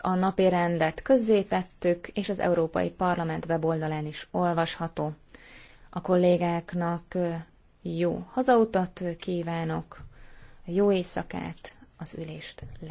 a napi rendet közzétettük, és az Európai Parlament weboldalán is olvasható. A kollégáknak jó hazautat kívánok, jó éjszakát, az ülést le.